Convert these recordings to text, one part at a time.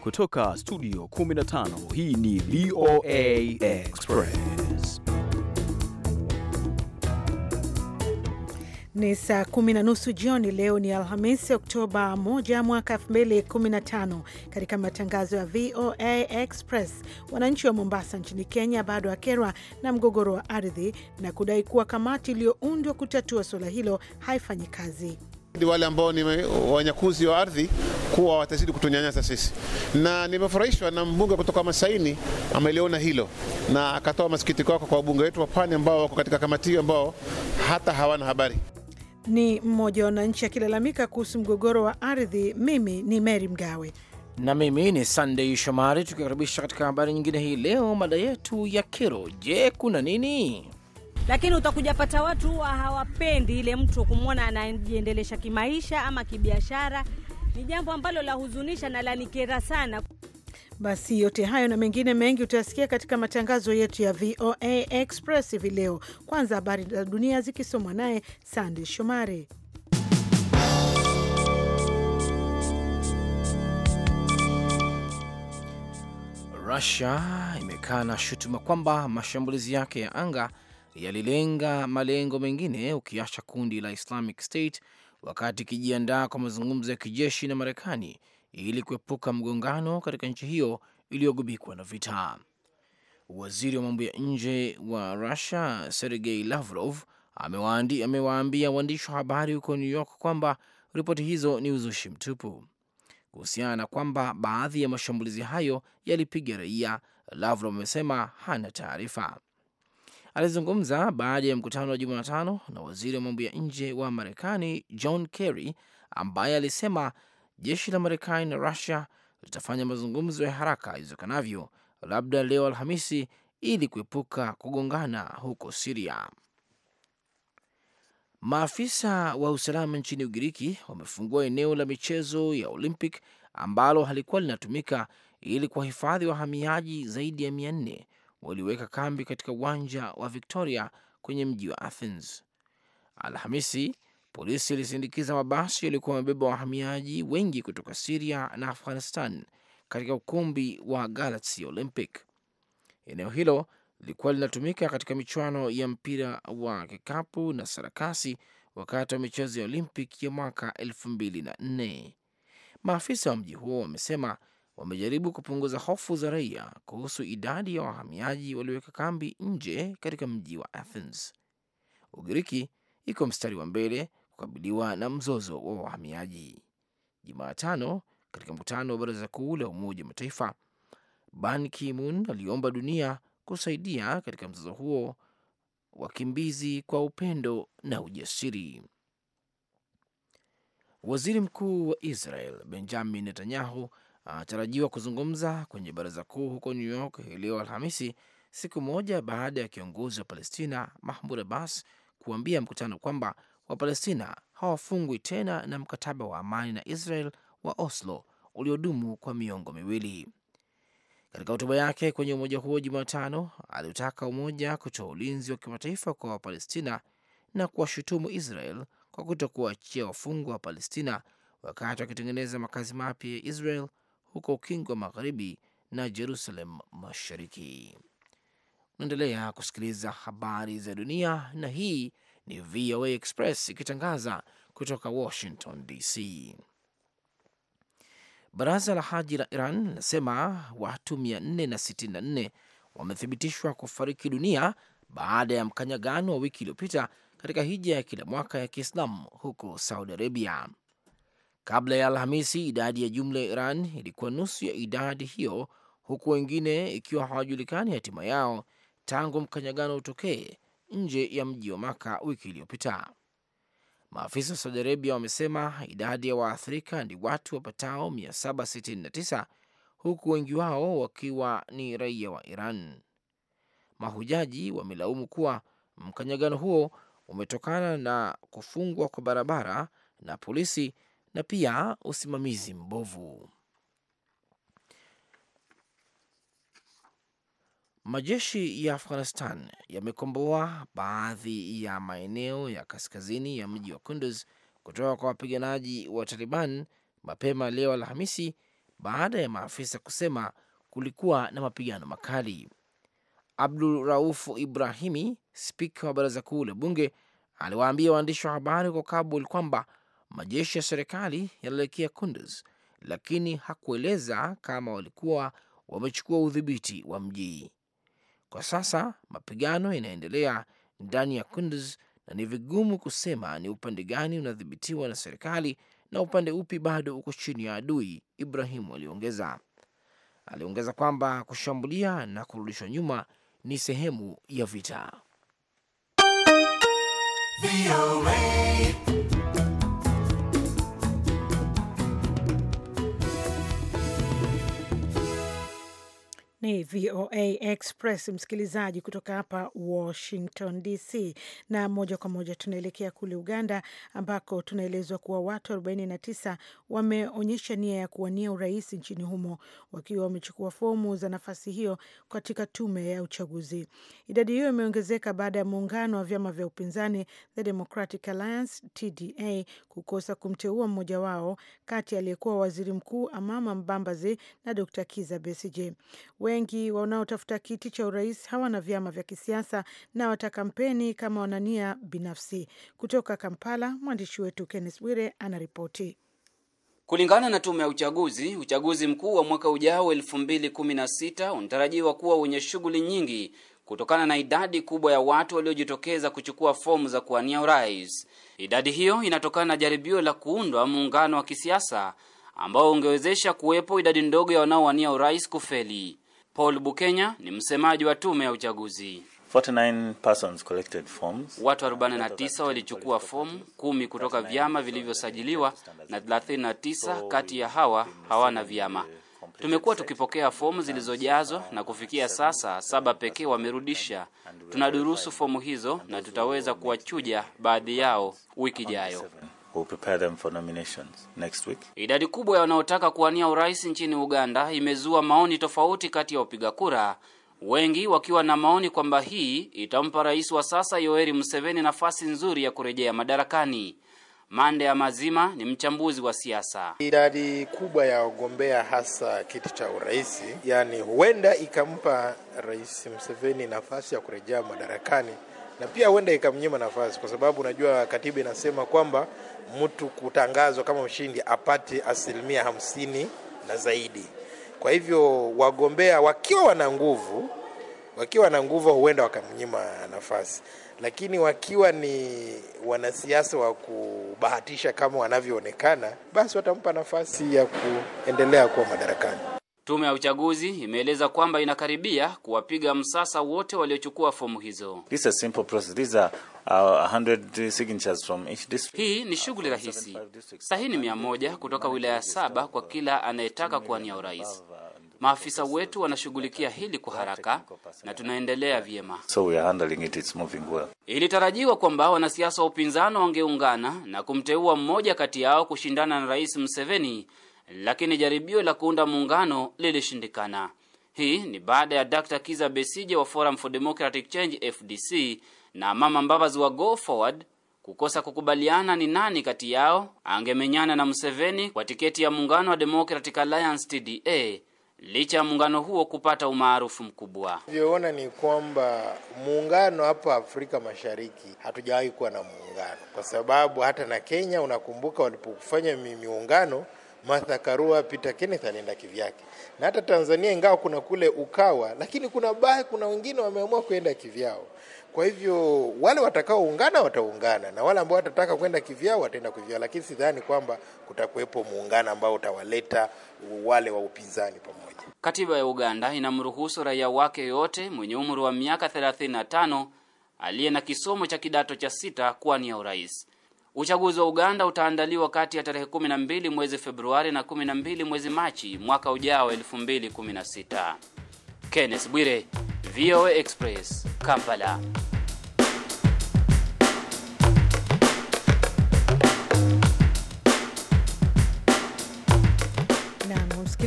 Kutoka studio 15 hii ni VOA Express. Ni saa kumi na nusu jioni. Leo ni Alhamisi, Oktoba 1 mwaka 2015. Katika matangazo ya VOA Express, wananchi wa Mombasa nchini Kenya bado wakerwa na mgogoro wa ardhi na kudai kuwa kamati iliyoundwa kutatua suala hilo haifanyi kazi wale ambao ni wanyakuzi wa ardhi kuwa watazidi kutunyanyasa sisi, na nimefurahishwa na mbunge kutoka Masaini ameliona hilo na akatoa masikitiko yake kwa wabunge wetu wa Pwani ambao wako katika kamati hiyo ambao hata hawana habari. Ni mmoja wa wananchi akilalamika kuhusu mgogoro wa ardhi. Mimi ni Mary Mgawe na mimi ni Sunday Shomari, tukikaribisha katika habari nyingine hii leo. Mada yetu ya kero, je, kuna nini? Lakini utakuja pata watu huwa hawapendi ile mtu kumwona anajiendelesha kimaisha ama kibiashara. Ni jambo ambalo la huzunisha na lanikera sana. Basi yote hayo na mengine mengi utayasikia katika matangazo yetu ya VOA Express hivi leo. Kwanza habari za dunia zikisomwa naye Sande Shomari. Rusia imekana shutuma kwamba mashambulizi yake ya anga yalilenga malengo mengine ukiacha kundi la Islamic State wakati ikijiandaa kwa mazungumzo ya kijeshi na Marekani ili kuepuka mgongano katika nchi hiyo iliyogubikwa na vita. Waziri wa mambo ya nje wa Russia Sergei Lavrov amewaambia waandishi wa habari huko New York kwamba ripoti hizo ni uzushi mtupu kuhusiana na kwamba baadhi ya mashambulizi hayo yalipiga raia. Lavrov amesema hana taarifa alizungumza baada ya mkutano wa Jumatano na waziri wa mambo ya nje wa Marekani John Kerry ambaye alisema jeshi la Marekani na Rusia litafanya mazungumzo ya haraka iwezekanavyo, labda leo Alhamisi, ili kuepuka kugongana huko Siria. Maafisa wa usalama nchini Ugiriki wamefungua eneo la michezo ya Olympic ambalo halikuwa linatumika ili kuwahifadhi wahamiaji zaidi ya mia nne waliweka kambi katika uwanja wa Victoria kwenye mji wa Athens. Alhamisi polisi ilisindikiza mabasi yaliyokuwa wamebeba wahamiaji wengi kutoka Siria na Afghanistan katika ukumbi wa Galaxy Olympic. Eneo hilo lilikuwa linatumika katika michuano ya mpira wa kikapu na sarakasi wakati wa michezo ya Olympic ya mwaka 2004. Maafisa wa mji huo wamesema wamejaribu kupunguza hofu za raia kuhusu idadi ya wahamiaji walioweka kambi nje katika mji wa Athens. Ugiriki iko mstari wa mbele kukabiliwa na mzozo wa wahamiaji. Jumatano, katika mkutano wa baraza kuu la Umoja wa Mataifa, Ban Ki-moon aliomba dunia kusaidia katika mzozo huo wakimbizi kwa upendo na ujasiri. Waziri Mkuu wa Israel Benjamin Netanyahu anatarajiwa kuzungumza kwenye baraza kuu huko New York leo Alhamisi, siku moja baada ya kiongozi wa Palestina Mahmud Abbas kuambia mkutano kwamba Wapalestina hawafungwi tena na mkataba wa amani na Israel wa Oslo uliodumu kwa miongo miwili. Katika hotuba yake kwenye umoja huo Jumatano, aliutaka umoja kutoa ulinzi wa kimataifa kwa Wapalestina na kuwashutumu Israel kwa kutokuachia wafungwa wa Palestina wakati wakitengeneza makazi mapya ya Israel huko ukingo wa magharibi na Jerusalem mashariki. Unaendelea kusikiliza habari za dunia, na hii ni VOA Express ikitangaza kutoka Washington DC. Baraza la Haji la Iran linasema watu 464 wamethibitishwa kufariki dunia baada ya mkanyagano wa wiki iliyopita katika hija ya kila mwaka ya Kiislamu huko Saudi Arabia. Kabla ya Alhamisi, idadi ya jumla ya Iran ilikuwa nusu ya idadi hiyo, huku wengine ikiwa hawajulikani hatima yao tangu mkanyagano utokee nje ya mji wa Maka wiki iliyopita. Maafisa wa Saudi Arabia wamesema idadi ya waathirika ni watu wapatao 769 huku wengi wao wakiwa ni raia wa Iran. Mahujaji wamelaumu kuwa mkanyagano huo umetokana na kufungwa kwa barabara na polisi na pia usimamizi mbovu. Majeshi ya Afghanistan yamekomboa baadhi ya maeneo ya kaskazini ya mji wa Kunduz kutoka kwa wapiganaji wa Taliban mapema leo Alhamisi, baada ya maafisa kusema kulikuwa na mapigano makali. Abdul Rauf Ibrahimi, spika wa baraza kuu la bunge, aliwaambia waandishi wa habari huko Kabul kwamba majeshi ya serikali yalielekea Kunduz, lakini hakueleza kama walikuwa wamechukua udhibiti wa mji. Kwa sasa mapigano yanaendelea ndani ya Kunduz na ni vigumu kusema ni upande gani unadhibitiwa na serikali na upande upi bado uko chini ya adui, Ibrahimu aliongeza. Aliongeza kwamba kushambulia na kurudishwa nyuma ni sehemu ya vita. Ni VOA Express, msikilizaji kutoka hapa Washington DC, na moja kwa moja tunaelekea kule Uganda ambako tunaelezwa kuwa watu 49 wameonyesha nia ya kuwania urais nchini humo wakiwa wamechukua fomu za nafasi hiyo katika tume ya uchaguzi. Idadi hiyo imeongezeka baada ya muungano wa vyama vya upinzani The Democratic Alliance TDA kukosa kumteua mmoja wao kati aliyekuwa waziri mkuu Amama mbambazi na Dr. Kiza Besigye. Wengi wanaotafuta kiti cha urais hawana vyama vya kisiasa na watakampeni kama wanania binafsi. Kutoka Kampala, mwandishi wetu Kenneth Bwire anaripoti. Kulingana na tume ya uchaguzi, uchaguzi mkuu wa mwaka ujao 2016 unatarajiwa kuwa wenye shughuli nyingi kutokana na idadi kubwa ya watu waliojitokeza kuchukua fomu za kuwania urais. Idadi hiyo inatokana na jaribio la kuundwa muungano wa kisiasa ambao ungewezesha kuwepo idadi ndogo ya wanaowania urais kufeli. Paul Bukenya ni msemaji wa tume ya uchaguzi. 49 persons collected forms. Watu 49 walichukua fomu kumi kutoka vyama vilivyosajiliwa na 39 kati ya hawa hawana vyama. Tumekuwa tukipokea fomu zilizojazwa na kufikia sasa saba pekee wamerudisha. Tunadurusu fomu hizo na tutaweza kuwachuja baadhi yao wiki ijayo. We'll prepare them for nominations next week. Idadi kubwa ya wanaotaka kuwania urais nchini Uganda imezua maoni tofauti kati ya wapiga kura, wengi wakiwa na maoni kwamba hii itampa rais wa sasa Yoweri Museveni nafasi nzuri ya kurejea madarakani. Mande ya Mazima ni mchambuzi wa siasa. Idadi kubwa ya wagombea hasa kiti cha urais, yani huenda ikampa rais Museveni nafasi ya kurejea madarakani na pia huenda ikamnyima nafasi, kwa sababu unajua katiba inasema kwamba mtu kutangazwa kama mshindi apate asilimia hamsini na zaidi. Kwa hivyo wagombea wakiwa wana nguvu, wakiwa na nguvu huenda wakamnyima nafasi, lakini wakiwa ni wanasiasa wa kubahatisha kama wanavyoonekana, basi watampa nafasi ya kuendelea kuwa madarakani. Tume ya uchaguzi imeeleza kwamba inakaribia kuwapiga msasa wote waliochukua fomu hizo. This is simple process. These are 100 uh, signatures from each district. Hii ni shughuli rahisi. Sahini mia moja kutoka wilaya saba kwa kila anayetaka kuwania urais. Maafisa wetu wanashughulikia hili kwa haraka na tunaendelea vyema. So we are handling it, it's moving well. Ilitarajiwa kwamba wanasiasa wa upinzano wangeungana na kumteua mmoja kati yao kushindana na Rais Museveni lakini jaribio la kuunda muungano lilishindikana. Hii ni baada ya Dr. Kiza Besije wa Forum for Democratic Change FDC na Mama Mbabazi wa Go Forward kukosa kukubaliana ni nani kati yao angemenyana na Museveni kwa tiketi ya muungano wa Democratic Alliance TDA licha ya muungano huo kupata umaarufu mkubwa. Vyoona ni kwamba muungano hapa Afrika Mashariki hatujawahi kuwa na muungano, kwa sababu hata na Kenya unakumbuka walipofanya miungano Martha Karua, Peter Kenneth anaenda kivyake, na hata Tanzania ingawa kuna kule Ukawa, lakini kuna baadhi, kuna wengine wameamua kuenda kivyao. Kwa hivyo wale watakaoungana wataungana na wale ambao watataka kwenda kivyao wataenda kivyao, lakini sidhani kwamba kutakuwepo muungano ambao utawaleta wale wa upinzani pamoja. Katiba ya Uganda inamruhusu raia wake yote mwenye umri wa miaka 35 aliye na kisomo cha kidato cha sita kuwania urais. Uchaguzi wa Uganda utaandaliwa kati ya tarehe 12 mwezi Februari na 12 mwezi Machi mwaka ujao 2016. Kenneth Bwire, VOA Express, Kampala.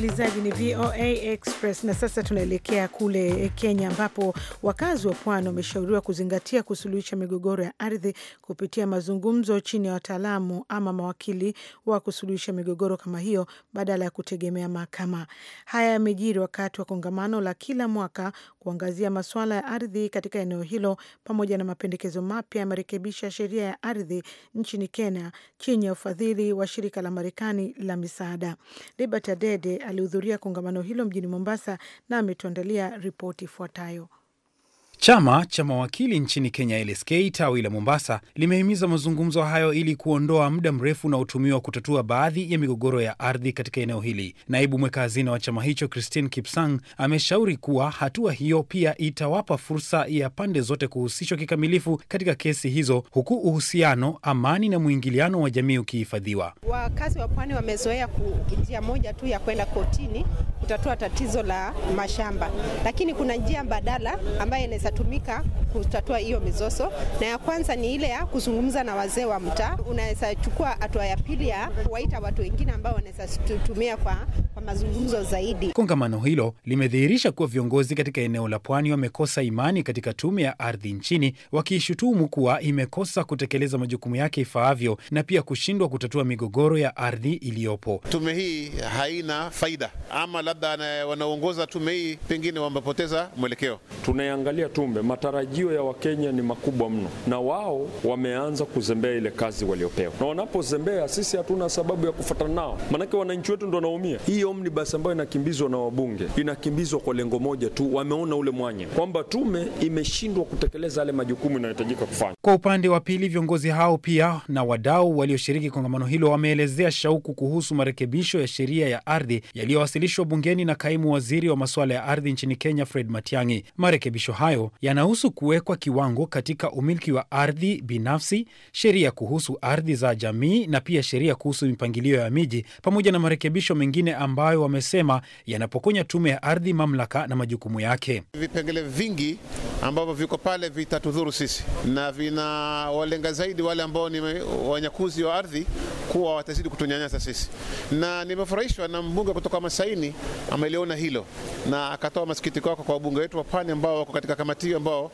msikilizaji, ni VOA Express na sasa tunaelekea kule Kenya, ambapo wakazi wa pwani wameshauriwa kuzingatia kusuluhisha migogoro ya ardhi kupitia mazungumzo chini ya wataalamu ama mawakili wa kusuluhisha migogoro kama hiyo badala ya kutegemea mahakama. Haya yamejiri wakati wa kongamano la kila mwaka kuangazia masuala ya ardhi katika eneo hilo pamoja na mapendekezo mapya ya marekebisho ya sheria ya ardhi nchini Kenya chini ya ufadhili wa shirika la Marekani la misaada. libert Dede alihudhuria kongamano hilo mjini Mombasa na ametuandalia ripoti ifuatayo. Chama cha mawakili nchini Kenya, LSK tawi la Mombasa, limehimiza mazungumzo hayo ili kuondoa muda mrefu unaotumiwa kutatua baadhi ya migogoro ya ardhi katika eneo hili. Naibu mweka hazina wa chama hicho Christine Kipsang ameshauri kuwa hatua hiyo pia itawapa fursa ya pande zote kuhusishwa kikamilifu katika kesi hizo, huku uhusiano, amani na mwingiliano wa jamii ukihifadhiwa. Wakazi wa pwani wamezoea njia moja tu ya kwenda kotini kutatua tatizo la mashamba, lakini kuna njia mbadala ambayo inaweza zitatumika kutatua hiyo mizozo, na ya kwanza ni ile ya kuzungumza na wazee wa mtaa. Unaweza chukua hatua ya pili ya kuwaita watu wengine ambao wanaweza tutumia kwa, kwa mazungumzo zaidi. Kongamano hilo limedhihirisha kuwa viongozi katika eneo la pwani wamekosa imani katika tume ya ardhi nchini, wakiishutumu kuwa imekosa kutekeleza majukumu yake ifaavyo na pia kushindwa kutatua migogoro ya ardhi iliyopo. Tume hii haina faida, ama labda wanaongoza tume hii pengine wamepoteza mwelekeo. Tunaiangalia tume, matarajio ya Wakenya ni makubwa mno, na wao wameanza kuzembea ile kazi waliopewa, na wanapozembea sisi hatuna sababu ya kufuatana nao, maanake wananchi wetu ndo wanaumia. Hii omnibus ambayo inakimbizwa na wabunge inakimbizwa kwa lengo moja tu, wameona ule mwanya kwamba tume imeshindwa kutekeleza yale majukumu inayohitajika kufanya. Kwa upande wa pili, viongozi hao pia na wadau walioshiriki kongamano hilo wameelezea shauku kuhusu marekebisho ya sheria ya ardhi yaliyowasilishwa bungeni na kaimu waziri wa masuala ya ardhi nchini Kenya Fred Matiang'i. Marekebisho hayo yanahusu kuwekwa kiwango katika umiliki wa ardhi binafsi, sheria kuhusu ardhi za jamii na pia sheria kuhusu mipangilio ya miji, pamoja na marekebisho mengine ambayo wamesema yanapokonya tume ya ardhi mamlaka na majukumu yake. Vipengele vingi ambavyo viko pale vitatudhuru sisi na vinawalenga zaidi wale ambao ni wanyakuzi wa ardhi kuwa watazidi kutunyanyasa sisi, na nimefurahishwa na mbunge kutoka Masaini ameliona hilo na akatoa masikitiko yako kwa wabunge wetu wa pwani ambao wako katika kama matukio ambao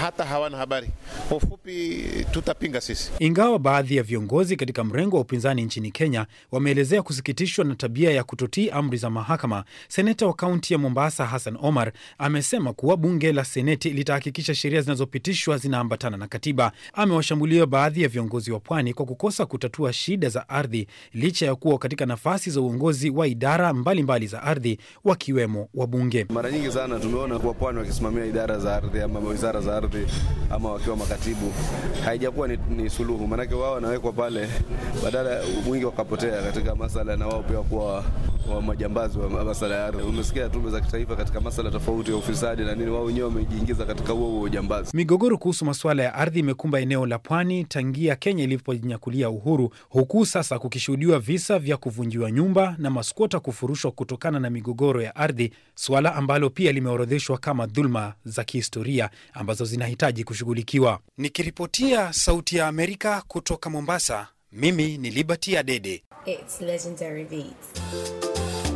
hata hawana habari. Kwa ufupi, tutapinga sisi. Ingawa baadhi ya viongozi katika mrengo wa upinzani nchini Kenya wameelezea kusikitishwa na tabia ya kutotii amri za mahakama, seneta wa kaunti ya Mombasa Hassan Omar amesema kuwa bunge la seneti litahakikisha sheria zinazopitishwa zinaambatana na katiba. Amewashambulia baadhi ya viongozi wa pwani kwa kukosa kutatua shida za ardhi licha ya kuwa katika nafasi za uongozi wa idara mbalimbali mbali za ardhi wakiwemo wabunge. Mara nyingi sana tumeona kuwa pwani wakisimamia idara za ardhi ama wizara za ardhi ama wakiwa makatibu, haijakuwa ni, ni suluhu, maanake wao wanawekwa pale badala wingi wakapotea katika masala na wao pia kuwa wa majambazi wa masala ya ardhi. Umesikia tume za kitaifa katika masala tofauti ya ufisadi na nini, wao wenyewe wamejiingiza katika huo huo ujambazi. Migogoro kuhusu masuala ya ardhi imekumba eneo la pwani tangia Kenya ilipojinyakulia uhuru, huku sasa kukishuhudiwa visa vya kuvunjiwa nyumba na maskota kufurushwa kutokana na migogoro ya ardhi, suala ambalo pia limeorodheshwa kama dhulma za kis kihistoria ambazo zinahitaji kushughulikiwa. Nikiripotia Sauti ya Amerika kutoka Mombasa, mimi ni Liberty Adede.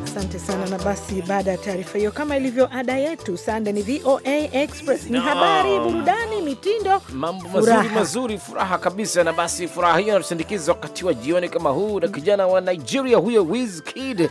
Asante sana na basi, baada ya taarifa hiyo, kama ilivyo ada yetu, sande ni VOA Express ni no. habari, burudani, mitindo, mambo mazuri mazuri, furaha kabisa. Na basi furaha hiyo inatusindikiza wakati wa jioni kama huu na kijana wa Nigeria huyo Wizkid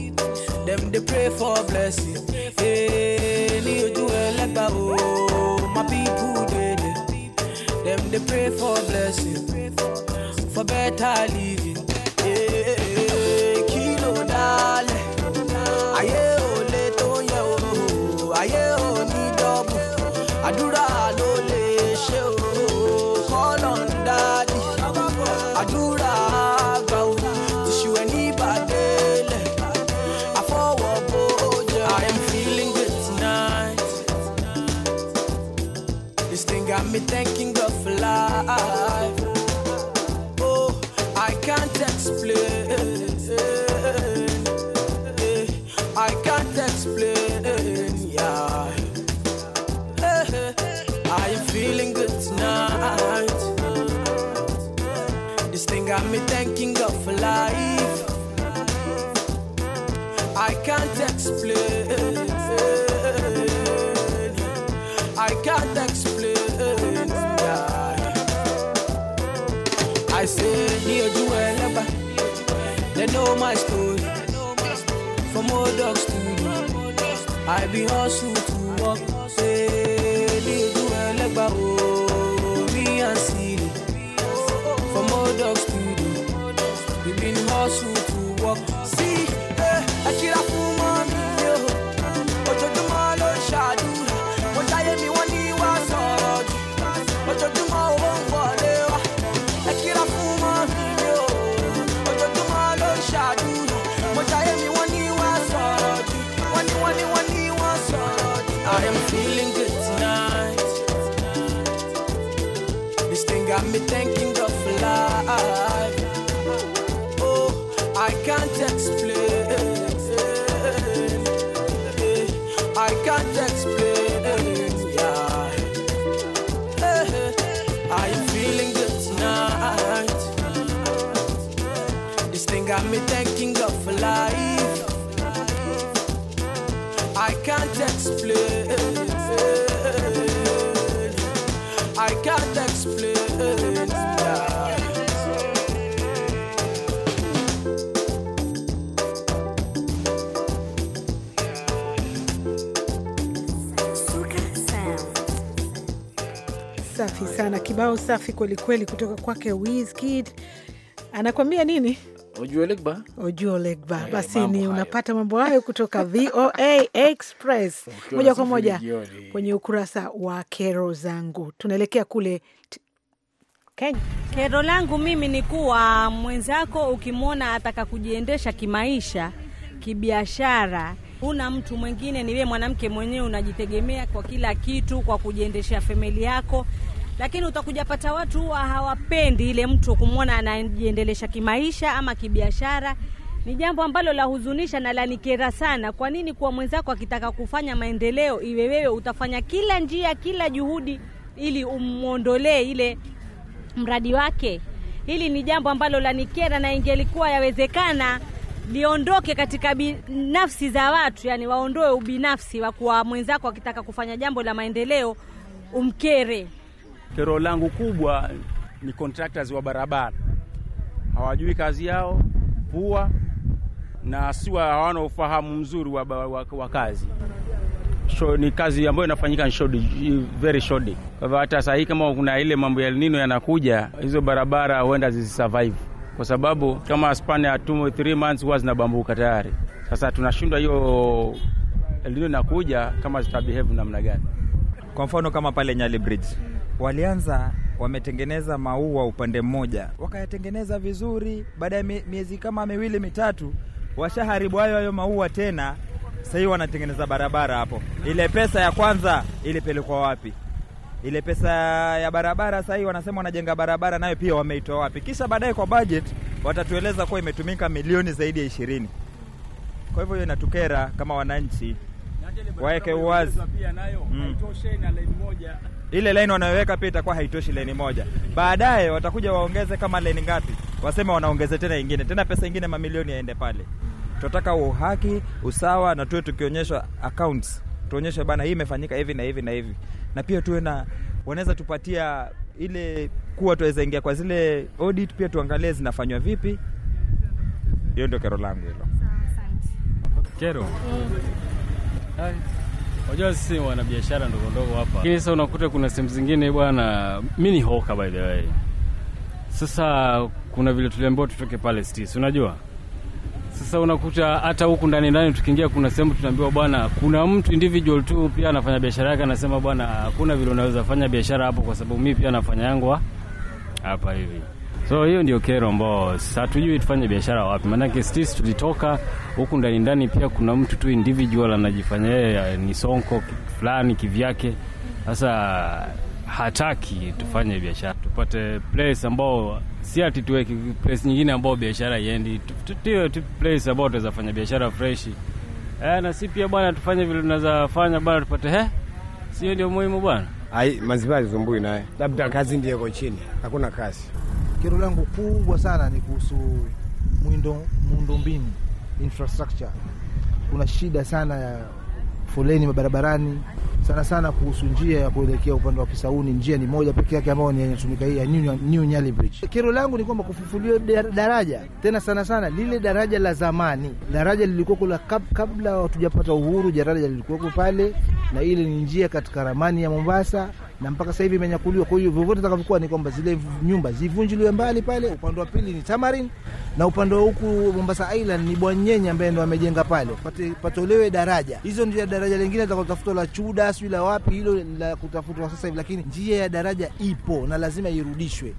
pray for blessing. Eh, ní ojú ẹlẹ́gbà o my people dey dey Them dey pray for blessing for better living. Eh, kí ló dálẹ̀ ayé ò lè tó yẹ o ayé ò ní dọ́bù àdúrà. know my story. For more dogs to you. I be hustle to work. Hey, do you eh, do I am feeling good tonight. This thing got me thinking of life. safi sana, kibao safi kwelikweli kutoka kwake Wizkid. Anakwambia nini? Ojuolegba, eh, Basi ni unapata mambo hayo kutoka VOA Express moja kwa moja kwenye ukurasa wa kero zangu. Tunaelekea kule Kenya. Kero langu mimi ni kuwa mwenzako ukimwona ataka kujiendesha kimaisha, kibiashara, huna mtu mwingine, ni wewe mwanamke mwenyewe unajitegemea kwa kila kitu, kwa kujiendeshea familia yako lakini utakuja pata watu huwa hawapendi ile mtu kumwona anajiendelesha kimaisha ama kibiashara. Ni jambo ambalo la huzunisha na la nikera sana. Kwa nini kuwa mwenzako akitaka kufanya maendeleo, iwe wewe utafanya kila njia, kila juhudi ili umwondolee ile mradi wake? Hili ni jambo ambalo la nikera, na ingelikuwa yawezekana liondoke katika binafsi za watu, yani waondoe ubinafsi wa kuwa mwenzako akitaka kufanya jambo la maendeleo umkere. Kero langu kubwa ni contractors wa barabara, hawajui kazi yao pua na siwa, hawana ufahamu mzuri wa, wa, wa kazi Sho, ni kazi ambayo inafanyika short, very short. Kwa hivyo hata sahii kama kuna ile mambo ya El Nino yanakuja, hizo barabara huenda zisisurvive kwa sababu kama span ya 3 months huwa zinabambuka tayari. Sasa tunashindwa hiyo El inakuja kama zitabehave namna gani? Kwa mfano kama pale Nyali Bridge walianza wametengeneza maua upande mmoja, wakayatengeneza vizuri. Baada ya miezi kama miwili mitatu, washaharibu hayo hayo maua tena. Sasa hii wanatengeneza barabara hapo. Ile pesa ya kwanza ilipelekwa wapi? Ile pesa ya barabara sasa hii wanasema wanajenga barabara, nayo pia wameitoa wapi? Kisha baadaye kwa budget watatueleza kuwa imetumika milioni zaidi ya ishirini. Kwa hivyo hiyo inatukera kama wananchi, waweke uwazi mm ile laini wanayoweka pia itakuwa haitoshi laini moja. Baadaye watakuja waongeze kama laini ngapi, waseme wanaongeze tena ingine, tena pesa ingine mamilioni yaende pale. Tunataka uhaki, usawa, na tuwe tukionyeshwa accounts, tuonyeshe bana, hii imefanyika hivi na hivi na hivi, na pia tuwe na wanaweza tupatia ile kuwa tuweza ingia kwa zile audit, pia tuangalie zinafanywa vipi. Hiyo ndio kero langu hilo kero. Mm. Unajua sisi biashara ndogo ndogo hapa. Lakini sasa unakuta kuna sehemu zingine bwana, mimi ni hoka by the way. Sasa kuna vile tuliambiwa tutoke pale stis, unajua sasa unakuta hata huku ndani ndani tukiingia, kuna sehemu tunaambiwa bwana, kuna mtu individual tu pia anafanya biashara yake, anasema bwana, hakuna vile unaweza fanya biashara hapo, kwa sababu mimi pia nafanya yangu hapa hivi. So hiyo ndio kero ambao hatujui tufanye biashara wapi, maanake sisi tulitoka huku ndani ndani, pia kuna mtu tu individual anajifanya yeye eh, ni sonko fulani kivyake. Sasa hataki tufanye biashara, tupate place ambao si ati tuweke place nyingine ambao biashara iendi, tuwe tu place ambao tunaweza fanya biashara fresh eh, na si pia bwana, tufanye vile tunaweza fanya bwana, tupate he, eh? sio ndio muhimu bwana. Ai, maziwa zumbui naye, labda kazi ndio iko chini, hakuna kazi kero langu kubwa sana ni kuhusu miundo mbinu infrastructure. Kuna shida sana ya foleni mabarabarani, sana sana kuhusu njia ya kuelekea upande wa Kisauni. Njia ni moja pekee yake ambayo inatumika hii ya New, New Nyali Bridge. Kero langu ni kwamba kufufuliwa daraja tena, sana sana lile daraja la zamani, daraja lilikuwako la kab, kabla watujapata uhuru, daraja lilikuwako pale, na ile ni njia katika ramani ya Mombasa na mpaka sasa hivi imenyakuliwa. Kwa hiyo vyovyote takavyokuwa ni kwamba zile nyumba zivunjiliwe mbali pale. Upande wa pili ni Tamarin na upande wa huku Mombasa Island ni Bwanyenye ambaye ndo amejenga pale, patolewe daraja. Hizo ndio daraja lingine litakalotafuta la Chuda sijui la wapi, hilo la kutafutwa sasa hivi, lakini njia ya daraja ipo na lazima irudishwe.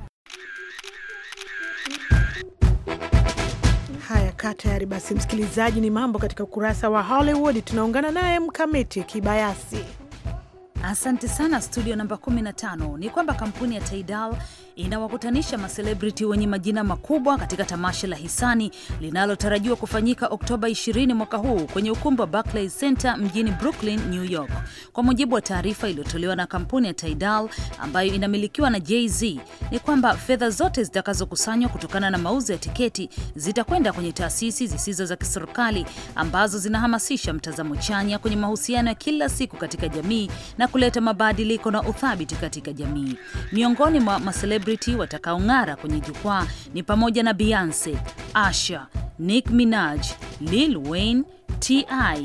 Haya, kaa tayari basi, msikilizaji, ni mambo katika ukurasa wa Hollywood. Tunaungana naye Mkamiti Kibayasi. Asante sana studio namba 15. Ni kwamba kampuni ya Tidal inawakutanisha maselebriti wenye majina makubwa katika tamasha la hisani linalotarajiwa kufanyika Oktoba 20 mwaka huu kwenye ukumbi wa Barclays Center mjini Brooklyn, New York. Kwa mujibu wa taarifa iliyotolewa na kampuni ya Tidal ambayo inamilikiwa na Jay-Z, ni kwamba fedha zote zitakazokusanywa kutokana na mauzo ya tiketi zitakwenda kwenye taasisi zisizo za kiserikali ambazo zinahamasisha mtazamo chanya kwenye mahusiano ya kila siku katika jamii na kuleta mabadiliko na uthabiti katika jamii. Miongoni mwa maselebrity watakaong'ara kwenye jukwaa ni pamoja na Beyonce, Asha, Nick Minaj, Lil Wayne, T.I,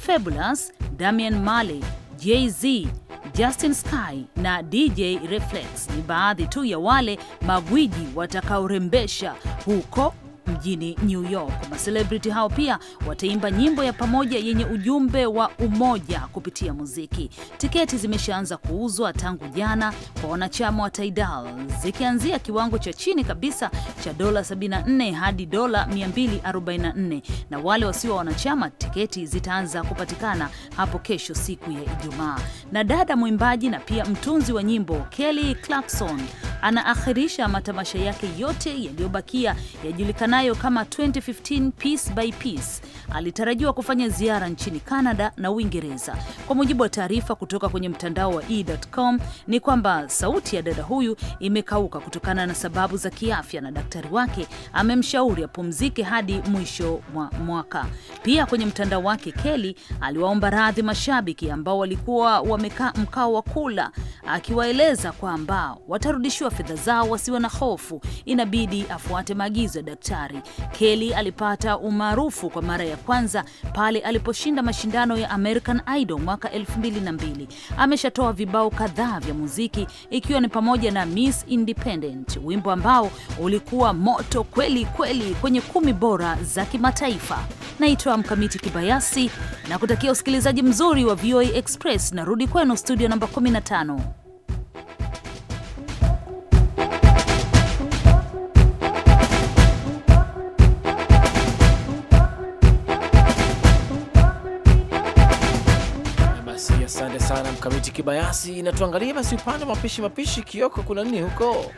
Fabulous, Damian Marley, Jay-Z, Justin Sky na DJ Reflex ni baadhi tu ya wale magwiji watakaorembesha huko mjini New York. Maselebrity hao pia wataimba nyimbo ya pamoja yenye ujumbe wa umoja kupitia muziki. Tiketi zimeshaanza kuuzwa tangu jana kwa wanachama wa Tidal, zikianzia kiwango cha chini kabisa cha dola 74 hadi dola 244, na wale wasio wanachama tiketi zitaanza kupatikana hapo kesho siku ya Ijumaa. Na dada mwimbaji na pia mtunzi wa nyimbo Kelly Clarkson anaakhirisha matamasha yake yote yaliyobakia yajulikana ijulikanayo kama 2015 Piece by Piece alitarajiwa kufanya ziara nchini Canada na Uingereza. Kwa mujibu wa taarifa kutoka kwenye mtandao wa e.com, ni kwamba sauti ya dada huyu imekauka kutokana na sababu za kiafya, na daktari wake amemshauri apumzike hadi mwisho wa mwaka. Pia kwenye mtandao wake, Kelly aliwaomba radhi mashabiki ambao walikuwa wamekaa mkao wa kula, akiwaeleza kwamba watarudishiwa fedha zao, wasiwe na hofu, inabidi afuate maagizo ya daktari. Kelly alipata umaarufu kwa mara ya kwanza pale aliposhinda mashindano ya American Idol mwaka 2002. Ameshatoa vibao kadhaa vya muziki ikiwa ni pamoja na Miss Independent, wimbo ambao ulikuwa moto kweli kweli kwenye kumi bora za kimataifa. Naitwa Mkamiti Kibayasi na kutakia usikilizaji mzuri wa VOA Express. Narudi kwenu studio namba 15. Mkamiti Kibayasi inatuangalia basi upande wa mapishi. Mapishi Kioko, kuna nini huko?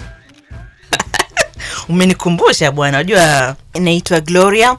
Umenikumbusha bwana, unajua inaitwa Gloria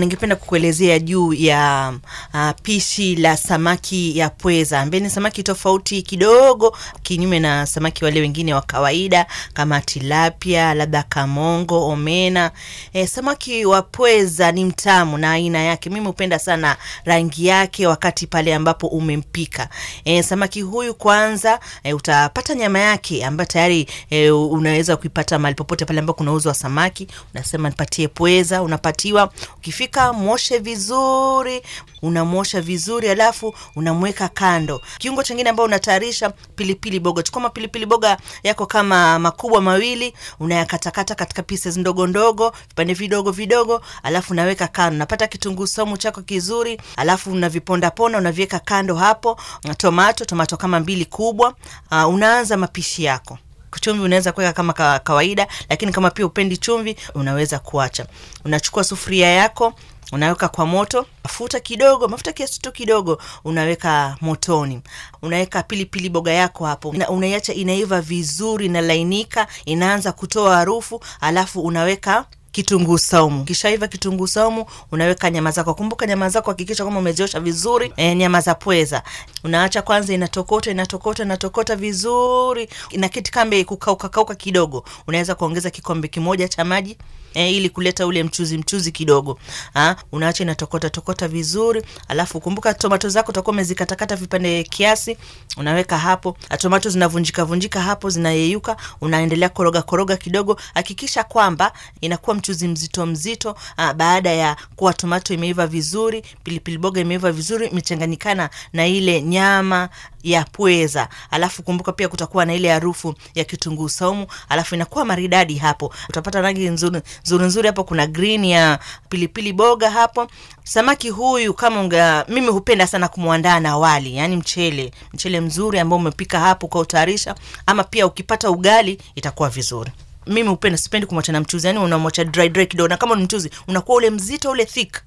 ningependa kukuelezea juu ya uh, pishi la samaki ya pweza ambaye ni samaki tofauti kidogo, kinyume na samaki wale wengine wa kawaida kama tilapia, labda kamongo, omena. E, samaki wa pweza ni mtamu na aina yake. Mimi hupenda sana rangi yake wakati pale ambapo umempika. E, samaki huyu kwanza, e, utapata nyama yake ambayo tayari e, unaweza kuipata mali popote pale ambapo kunauzwa samaki. Unasema nipatie pweza, unapatiwa ukifika ukifika mwoshe vizuri, unamosha vizuri, alafu unamweka kando. Kiungo chingine ambayo unatayarisha pilipili boga. Chukua mapilipili boga yako kama makubwa mawili, unayakatakata katika pieces ndogo ndogo, vipande vidogo vidogo, alafu unaweka kando. Unapata kitunguu somu chako kizuri, alafu unaviponda ponda, unaviweka kando hapo. Tomato, tomato kama mbili kubwa. Uh, unaanza mapishi yako chumvi unaweza kuweka kama kawaida, lakini kama pia upendi chumvi unaweza kuacha. Unachukua sufuria yako unaweka kwa moto, mafuta kidogo, mafuta kiasi tu kidogo, unaweka motoni. Unaweka pilipili boga yako hapo, unaiacha inaiva vizuri, lainika, inaanza kutoa harufu, alafu unaweka kitunguu saumu. Kishaiva kitunguu saumu, unaweka nyama zako. Kumbuka nyama zako hakikisha kwamba umeziosha vizuri, e, nyama za pweza. Unaacha kwanza inatokota inatokota inatokota vizuri na kitu kambe kukauka kauka kidogo. Unaweza kuongeza kikombe kimoja cha maji eh, ili kuleta ule mchuzi mchuzi kidogo. Ha? Unaacha inatokota tokota vizuri, alafu kumbuka tomato zako utakuwa umezikatakata vipande kiasi, unaweka hapo. Ah, tomato zinavunjika vunjika hapo, zinayeyuka, unaendelea koroga koroga kidogo. Hakikisha kwamba inakuwa mchuzi mzito mzito ha, ah, baada ya kuwa tomato imeiva vizuri, pilipili boga imeiva vizuri, imechanganyikana na ile nyama ya pweza, alafu kumbuka pia kutakuwa na ile harufu ya kitunguu saumu, alafu inakuwa maridadi hapo. Utapata rangi nzuri nzuri nzuri hapo. Kuna green ya pilipili boga hapo. Samaki huyu kama unga, mimi hupenda sana kumwandaa na wali, yani mchele, mchele mzuri ambao umepika hapo kwa utayarisha, ama pia ukipata ugali itakuwa vizuri. Mimi hupenda, sipendi kumwacha na mchuzi, yani unamwacha dry dry kidogo, na kama ni mchuzi unakuwa ule mzito ule thick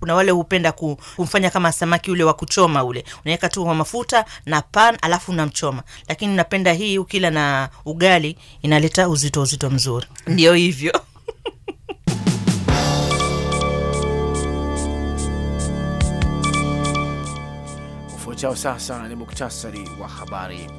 kuna wale hupenda kumfanya kama samaki ule wa kuchoma ule, unaweka tu kwa mafuta na pan, alafu unamchoma. Lakini napenda hii ukila na ugali, inaleta uzito uzito mzuri. Ndio hivyo. Ufuatao sasa ni muktasari wa habari.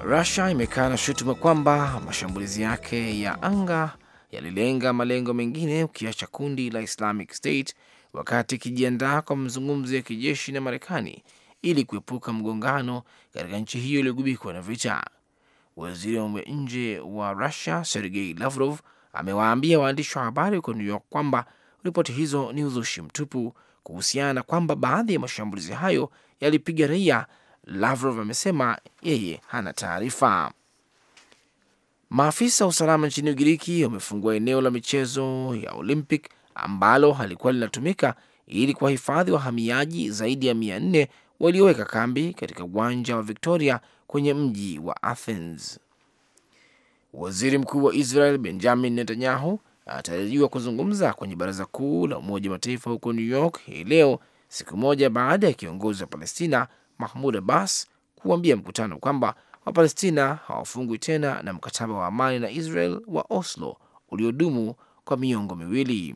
Rusia imekaa na shutuma kwamba mashambulizi yake ya anga yalilenga malengo mengine ukiacha kundi la Islamic State wakati ikijiandaa kwa mazungumzo ya kijeshi na Marekani ili kuepuka mgongano katika nchi hiyo iliyogubikwa na vita. Waziri wa mambo ya nje wa Rusia Sergei Lavrov amewaambia waandishi wa habari huko New York kwamba ripoti hizo ni uzushi mtupu kuhusiana na kwamba baadhi ya mashambulizi hayo yalipiga raia. Lavrov amesema yeye hana taarifa. Maafisa wa usalama nchini Ugiriki wamefungua eneo la michezo ya Olympic ambalo halikuwa linatumika ili kuwahifadhi wahamiaji zaidi ya mia nne walioweka kambi katika uwanja wa Victoria kwenye mji wa Athens. Waziri mkuu wa Israel Benjamin Netanyahu anatarajiwa kuzungumza kwenye baraza kuu la Umoja wa Mataifa huko New York hii leo, siku moja baada ya kiongozi wa Palestina Mahmud Abbas kuambia mkutano kwamba Wapalestina hawafungwi tena na mkataba wa amani na Israel wa Oslo uliodumu kwa miongo miwili.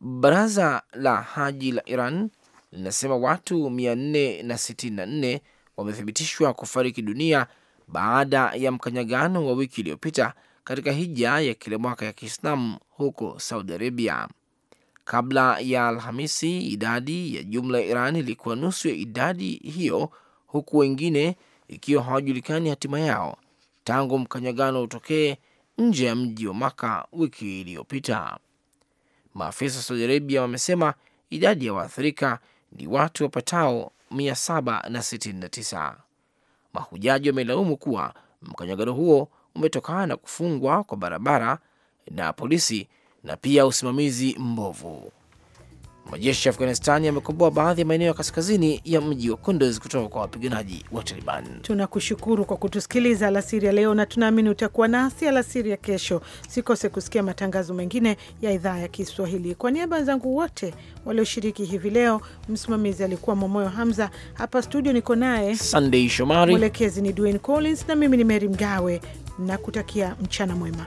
Baraza la Haji la Iran linasema watu 464 wamethibitishwa kufariki dunia baada ya mkanyagano wa wiki iliyopita katika hija ya kila mwaka ya Kiislamu huko Saudi Arabia. Kabla ya Alhamisi, idadi ya jumla ya Iran ilikuwa nusu ya idadi hiyo, huku wengine ikiwa hawajulikani hatima yao tangu mkanyagano utokee nje ya mji wa Maka wiki iliyopita. Maafisa wa Saudi Arabia wamesema idadi ya waathirika ni watu wapatao 769. Mahujaji wamelaumu kuwa mkanyagano huo umetokana na kufungwa kwa barabara na polisi na pia usimamizi mbovu. Majeshi ya Afghanistani yamekomboa baadhi ya maeneo ya kaskazini ya mji wa Kunduz kutoka kwa wapiganaji wa Taliban. Tunakushukuru kwa kutusikiliza alasiri ya leo, na tunaamini utakuwa nasi alasiri ya kesho. Sikose kusikia matangazo mengine ya idhaa ya Kiswahili. Kwa niaba wenzangu wote walioshiriki hivi leo, msimamizi alikuwa Momoyo Hamza, hapa studio niko naye Sunday Shomari, mwelekezi ni Dwayne Collins na mimi ni Mary Mgawe na kutakia mchana mwema.